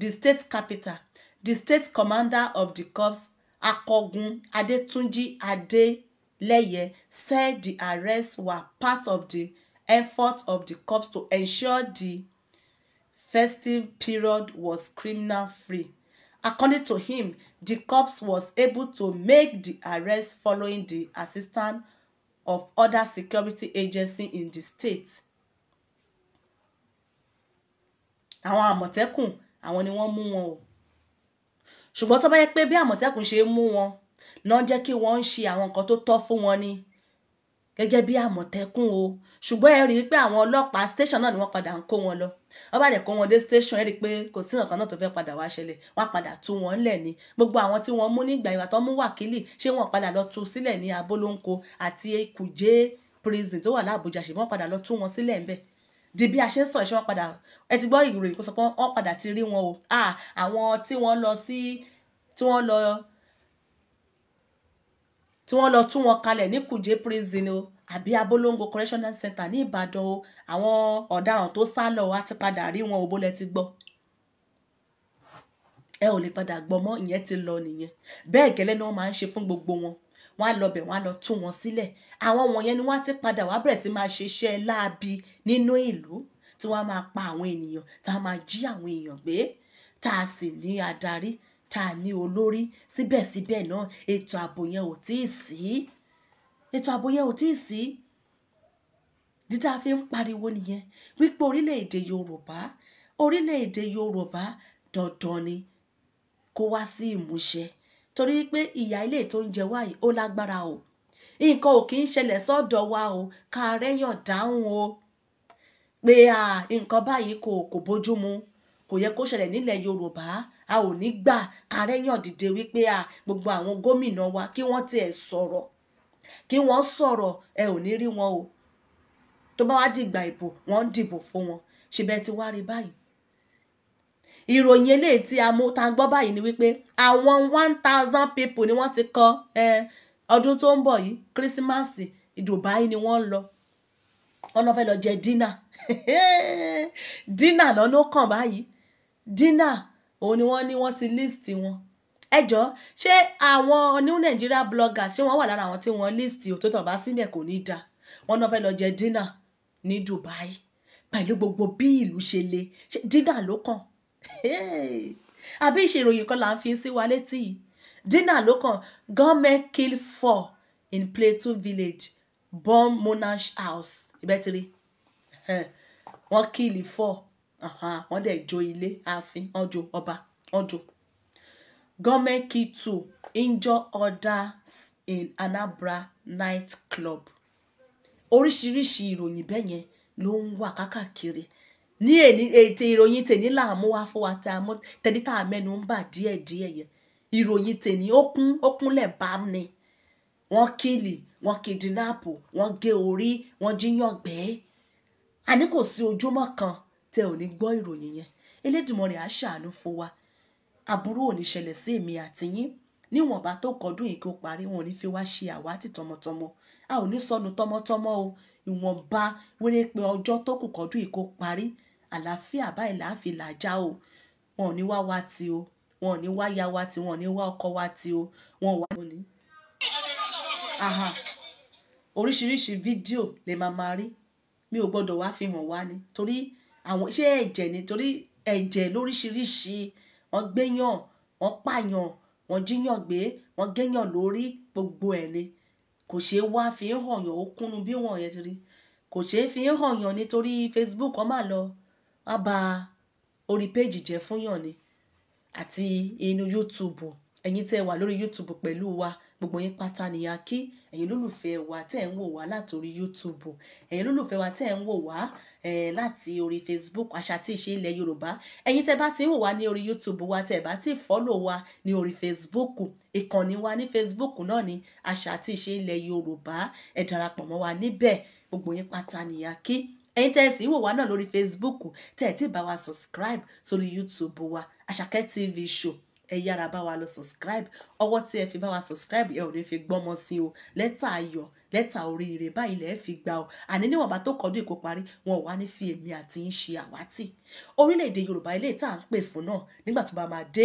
the state capital the state commander of the corps akọgun Adétúnjí Adélẹ́yẹ said the arrests were part of the effort of the corps to ensure the festive period was criminal-free. According to him, the corps was able to make the arrest following the assistance of other security agency in the state àwọn àmọ̀tẹ́kùn àwọn ni wọ́n mú wọn o ṣùgbọ́n tó bá yẹ pé bí àmọ̀tẹ́kùn ṣe mú wọn náà jẹ́ kí wọ́n ń ṣe àwọn nǹkan tó tọ́ fún wọn ni gẹ́gẹ́ bí àmọ̀tẹ́kùn o ṣùgbọ́n ẹ rí i pé àwọn ọlọ́pàá station náà ni wọ́n padà ń kó wọn lọ wọ́n bá dẹ̀ kó wọn dé station ẹ rí i pé kò sí nǹkan náà tó fẹ́ padà wá ṣẹlẹ̀ wọ́n padà tú wọn ńlẹ̀ ni gbogbo àwọn tí wọ́n mú nígbà ìwà tó mú wákìlì ṣé wọ́n padà lọ tú sílẹ̀ ní abolonko àti kùjé prison tó wà láàbújá ṣe wọ́n padà lọ tú wọn sílẹ̀ ńbẹ̀ di bí a ṣe ń sọ ìṣe wọ́n padà ẹ ti gbọ́ ìròyìn kó sọ pé wọ́n padà ti rí wọn o ah, àwọn tí wọ́n lọ sí tí wọ́n lọ tí wọ́n lọ tún wọn kalẹ̀ ní Kùjé prison o àbí Abolongo correctional center ní Ìbàdàn o àwọn ọ̀daràn tó sá lọ wá ti padà rí wọn òbó lẹ ti gbọ́ ẹ ò lè padà gbọ́ mọ́ ìyẹn ti lọ nìyẹn bẹ́ẹ̀ gẹ́lẹ́ ni wọ́n máa ń ṣe fún gbogbo wọn wọ́n á lọ bẹ̀ wọ́n á lọ tú wọn sílẹ̀ àwọn wọ̀nyẹn ni wọ́n á ti padà wá bẹ̀rẹ̀ sí máa ṣe iṣẹ́ láabi nínú ìlú tí wọ́n á máa pa àwọn ènìyàn tí wọ́n á máa jí àwọn èèyàn gbé tá a sì ní adarí tá a ní olórí síbẹ̀síbẹ̀ náà ètò ààbò yẹn ò tíì sí ètò ààbò yẹn ò tíì sí dídá fi ń pariwo nìyẹn wípé orílẹ̀-èdè Yorùbá orílẹ̀-èdè Yorùbá dandan ni kó wá sí ìmúṣẹ torí pé ìyà ilé tó ń jẹ wá ó lágbára o nǹkan ò kì í ṣẹlẹ̀ sọ́dọ̀ wa o ká rẹ́yàn dáhùn o pé nǹkan báyìí kò kò bójú mu kò yẹ kó ṣẹlẹ̀ nílẹ̀ Yorùbá a ò ní gbà kárẹ́yàn dìde wípé a gbogbo àwọn gómìnà wa kí wọ́n tiẹ̀ sọ̀rọ̀ kí wọ́n sọ̀rọ̀ ẹ ò ní rí wọn o tó bá wá dìgbà ìbò wọ́n ń dìbò fún wọn ṣe ti wá rí báyìí ìròyìn eléyìí tí a mú ta gbọ́ báyìí ni wípé àwọn one thousand people ni wọ́n ti kọ ọdún tó ń bọ̀ yìí kírísímàsì Dubai ni wọ́n lọ wọ́n náà fẹ́ lọ jẹ dínà dínà lọ́nà kàn báyìí dínà òun ni wọ́n ní wọ́n ti list wọn ẹ jọ ṣé àwọn new Nigeria bloggers ṣé wọ́n wà lára àwọn tí wọ́n list ò tó tàn bá síbẹ̀ kò ní da wọ́n náà fẹ́ lọ jẹ dínà ní Dubai pẹ̀lú gbogbo bí ìlú ṣe le ṣe dínà ló kàn àbí ìṣèròyìn kan là ń fi sí wa létí dínà ló kàn gunmen kill four in Plateau village bomb monash house ìbẹ́tìrí wọ́n kill four wọ́n dẹ̀ jó ilé ààfin ọjọ́ ọba ọjọ́. Government key to injure others in Anambra night club. Oríṣiríṣi ìròyìn bẹ́ẹ̀ yẹn ló ń wà kákàkiri ní èní ètè ìròyìn tèní là ń mú wá fún wa tá a mú tẹni tá a mẹ́nu ń bà díẹ̀díẹ̀ yẹn ìròyìn tèní ó kún ó kúnlẹ̀ wọ́n kìlì wọ́n kìdínápù wọ́n gé orí wọ́n jíyàn gbé àní kò sí ojúmọ́ kan tẹ ò ní gbọ́ ìròyìn yẹn Elédùmarè á ṣàánú fún wa aburú ò ní ṣẹlẹ̀ sí èmi àti yín níwọ̀nba tó kọdún yìí kí ó parí wọn ò ní fi wá ṣe àwátì tọmọtọmọ a ò ní sọnù tọmọtọmọ o ìwọ̀nba wéré pé ọjọ́ tó kù kọdún yìí kó parí àlàáfíà báyìí láàfin làjá o wọn ò ní wá wá ti o wọn ò ní wá ya wá ti wọn ò ní wá ọkọ wá ti o wọn ò wá ní. aha oríṣiríṣi fídíò lè máa máa rí mi ò gbọ́dọ̀ wá fi hàn wá ni torí àwọn ṣé ẹ̀jẹ̀ nítorí ẹ̀jẹ̀ lóríṣiríṣi wọ́n gbéyàn wọ́n pààyàn wọ́n jíyàn gbé wọ́n géyàn lórí gbogbo ẹ̀ ni kò ṣeé wá fi ń hàn yàn ó kúnnu bí wọ́n yẹn ti rí kò ṣeé fi ń hàn yàn nítorí Facebook ọ máa lọ wọ́n ba orí péjì jẹ́ fún yàn ni àti inú YouTube ẹ̀yin tẹ́ ẹ wà lórí YouTube pẹ̀lú wa gbogbo yín pátá ni a kí ẹ̀yin lólùfẹ́ wa tẹ́ ẹ̀ ń wò wá látòrí YouTube ẹ̀yin lólùfẹ́ wa tẹ́ ẹ̀ ń wò wá láti orí Facebook àṣà tí ìṣe ilẹ̀ Yorùbá ẹ̀yin tẹ́ bá ti ń wò wá ní orí YouTube wa tẹ́ bá ti fọ́lò wa ní orí Facebook ìkànnì wa ní Facebook náà ni àṣà tí ìṣe ilẹ̀ Yorùbá ẹ darapọ̀ mọ́ wa níbẹ̀ gbogbo yín pátá ni a kí ẹ̀yin tẹ́ ẹ sì wò wá náà lórí Facebook tẹ́ ẹ ti bá wa subscribe sórí YouTube wa Àṣàkẹ́ TV Show ẹ yára bá wa lọ subscribe ọwọ́ tí ẹ fi bá wa subscribe ẹ ò ní fi gbọ́mọ sí o lẹ́tà ayọ̀ lẹ́tà oríire báyìí lẹ́ẹ̀ fi gbà ọ́ àní níwọ̀nba tó kọdún ìkó parí wọn ò wá ní fi èmi àti ń ṣe àwátì orílẹ̀-èdè Yorùbá ilé tá à ń pè fún náà nígbà tó bá máa dé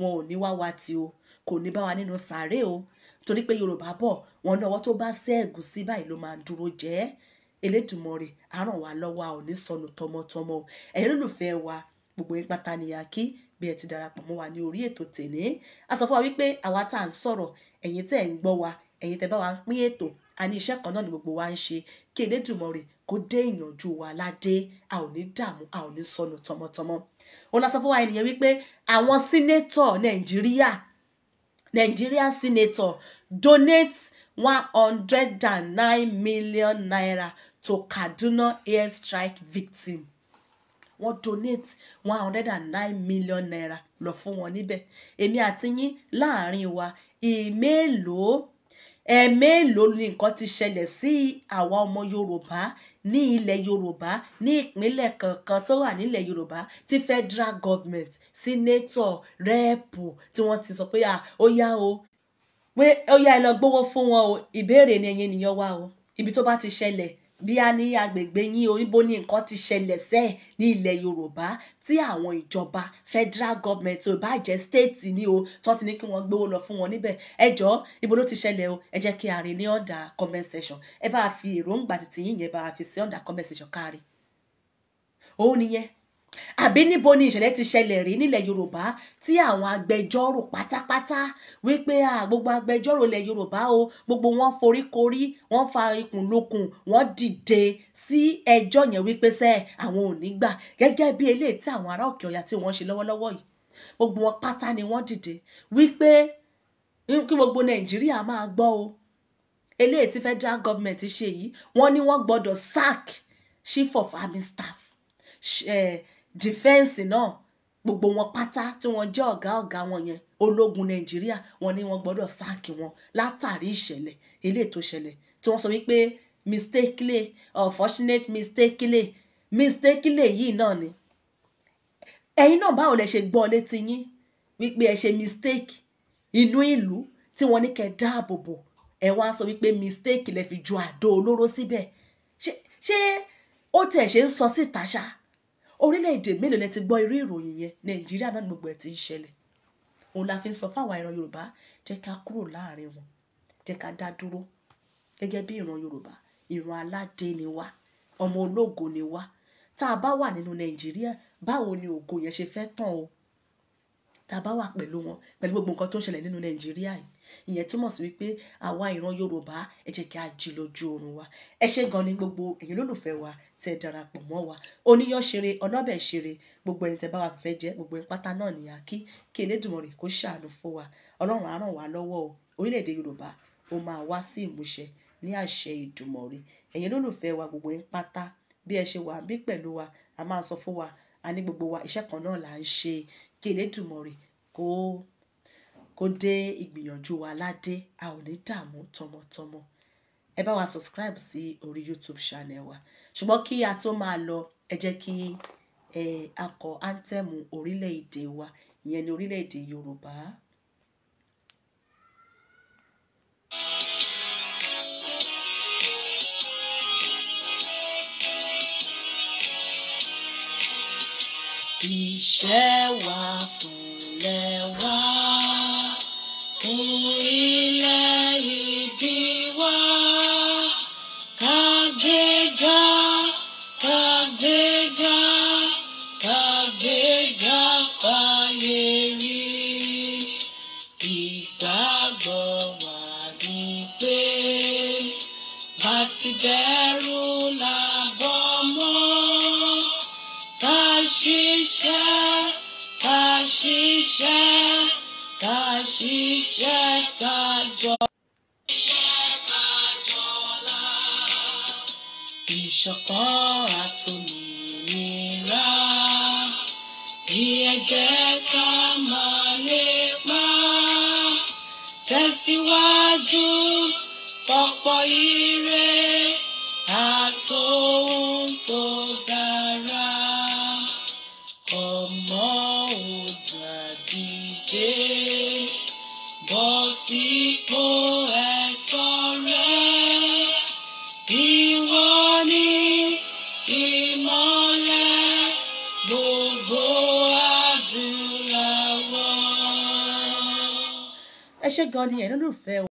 wọn ò ní wá wa ti o kò ní bá wa nínú sàárè o torí pé Yorùbá bọ̀ wọn náà ọwọ́ tó bá ṣẹ́ẹ̀gùn sí báyìí ló máa dúró jẹ́ Elédùmarè á ràn wá lọ́wọ́ a ò ní sọnù tọmọtọmọ ẹ̀yin olùfẹ́ wa gbogbo yín pátá ni a kí bí ẹ ti darapọ̀ mọ́ wa ní orí ètò tèní a sọ fún wa wípé àwa tá à ń sọ̀rọ̀ ẹ̀yin tẹ́ ẹ̀ ń gbọ́ wa ẹ̀yin tẹ́ bá wa pín ètò a ní iṣẹ́ kan náà ni gbogbo wa ń ṣe kí Elédùmarè kó dé ìyànjú wa ládé a ò ní dààmú a ò ní sọnù tọmọtọmọ òun la sọ fún wa ènìyàn wípé àwọn sínétọ̀ Nàìjíríà Nàìjíríà sínétọ̀ donate one hundred and nine million naira to Kaduna airstrike victim wọ́n donate one hundred and nine million naira lọ fún wọn níbẹ̀ èmi àti yín láàrin wa ìmélòó ẹ̀mélòó ni nǹkan ti ṣẹlẹ̀ sí àwa ọmọ Yorùbá ní ilẹ̀ Yorùbá ní ìpínlẹ̀ kankan tó wà nílẹ̀ Yorùbá ti federal government senator rẹ́ẹ̀pù tí wọ́n ti sọ pé ó yá o pé ó yá ẹ lọ gbowó fún wọn o ìbéèrè ni ẹ̀yin ènìyàn wa o ibi tó bá ti ṣẹlẹ̀ bí a ní agbègbè yín oníbo ní nǹkan ti ṣẹlẹ̀ sẹ́ẹ̀ ní ilẹ̀ yorùbá tí àwọn ìjọba federal government ò bá jẹ́ state ni o tó ti ní kí wọ́n gbowó lọ fún wọn níbẹ̀ ẹ ibo ló ti ṣẹlẹ̀ o ẹ jẹ́ kí a rí ní ọ̀dà comment section ẹ bá fi èròǹgbà títí yín yẹn bá fi sí ọ̀dà comment section kárí òun nìyẹn àbí níbo ni ìṣẹ̀lẹ̀ ti ṣẹlẹ̀ rí nílẹ̀ yorùbá tí àwọn agbẹjọ́rò pátápátá wípé gbogbo agbẹjọ́rò ilẹ̀ yorùbá o gbogbo wọn foríkorí wọn fa ikùn lókun wọn dìde sí ẹjọ́ yẹn wípé sẹ́ àwọn ò ní gbà gẹ́gẹ́ bí eléyìí tí àwọn ará òkè ọ̀yà tí wọ́n ṣe lọ́wọ́lọ́wọ́ yìí gbogbo wọn pátá ni wọ́n dìde wípé kí gbogbo nàìjíríà máa gbọ́ o eléyìí tí federal government ṣe yìí wọ́n ní wọ́n gbọ́dọ̀ sack chief of army staff eh, dìfẹ́ǹsì náà gbogbo wọn pátá tí wọ́n jẹ́ ọ̀gá ọ̀gá wọn yẹn ológun nàìjíríà wọ́n ní wọ́n gbọ́dọ̀ sáàkì wọn látàrí ìṣẹ̀lẹ̀ eléyìí tó ṣẹlẹ̀ tí wọ́n sọ wípé mistakenly unfortunate uh, mistakenly mistakenly yìí náà ni ẹ̀yin náà báwo lẹ ṣe gbọ́ létí yín wípé ẹ ṣe mistake inú ìlú tí wọ́n ní kẹ́ dáàbò bò ẹ wá sọ wípé mistake lẹ fi ju àdó olóró síbẹ̀ ṣé ṣé ó tẹ̀ ṣe ń sọ síta ṣáá orílẹ̀-èdè mélòó lẹ ti gbọ́ irú ìròyìn yẹn nàìjíríà náà ni gbogbo ẹ̀ ti ń ṣẹlẹ̀ òun la fi ń sọ fáwọn ìran yorùbá jẹ́ ká kúrò láàrin wọn jẹ́ ká dá dúró gẹ́gẹ́ bí ìran yorùbá ìran aládé ni wá ọmọ ológo ni wá tá a bá wà nínú nàìjíríà báwo ni ògo yẹn ṣe fẹ́ tàn o tá a bá wà pẹ̀lú wọn pẹ̀lú gbogbo nǹkan tó ń ṣẹlẹ̀ nínú nàìjíríà yìí ìyẹn túmọ̀ sí wípé àwa ìran yorùbá ẹ jẹ́ kí a jí lójú oorun wa ẹ ṣé gan ni gbogbo ẹ̀yin olólùfẹ́ wa tẹ darapọ̀ mọ́ wa oníyanṣere ọlọ́bẹ̀ ṣeré gbogbo ẹ̀yin tẹ bá wa fẹ́ jẹ́ gbogbo ẹ̀yin pátá náà nìyà kí kí elédùnmọ̀rẹ̀ kó ṣàánú fún wa ọlọ́run á ràn wá lọ́wọ́ o orílẹ̀-èdè yorùbá ó máa wá sí ìmúṣẹ ní àṣẹ ìdùmọ̀rẹ̀ ẹ̀yin olólùfẹ́ wa gbogbo ẹ̀yin pátá bí ẹ ṣe wà bí pẹ̀lú wa a máa sọ fún wa a ní gbogbo wa iṣẹ́ kan náà là ń ṣe kí Elédùmarè kó kó dé ìgbìyànjú wa ládé a ò ní dààmú tọmọtọmọ ẹ bá wa subscribe sí orí YouTube channel wa ṣùgbọ́n kí a tó máa lọ ẹ jẹ́ kí akọ anthem orílẹ̀-èdè wa ìyẹn ní orílẹ̀-èdè Yorùbá. Iṣẹ́ wa fúnlẹ̀ wá fún ilẹ̀. don't know if lólùfẹ́ uh, will.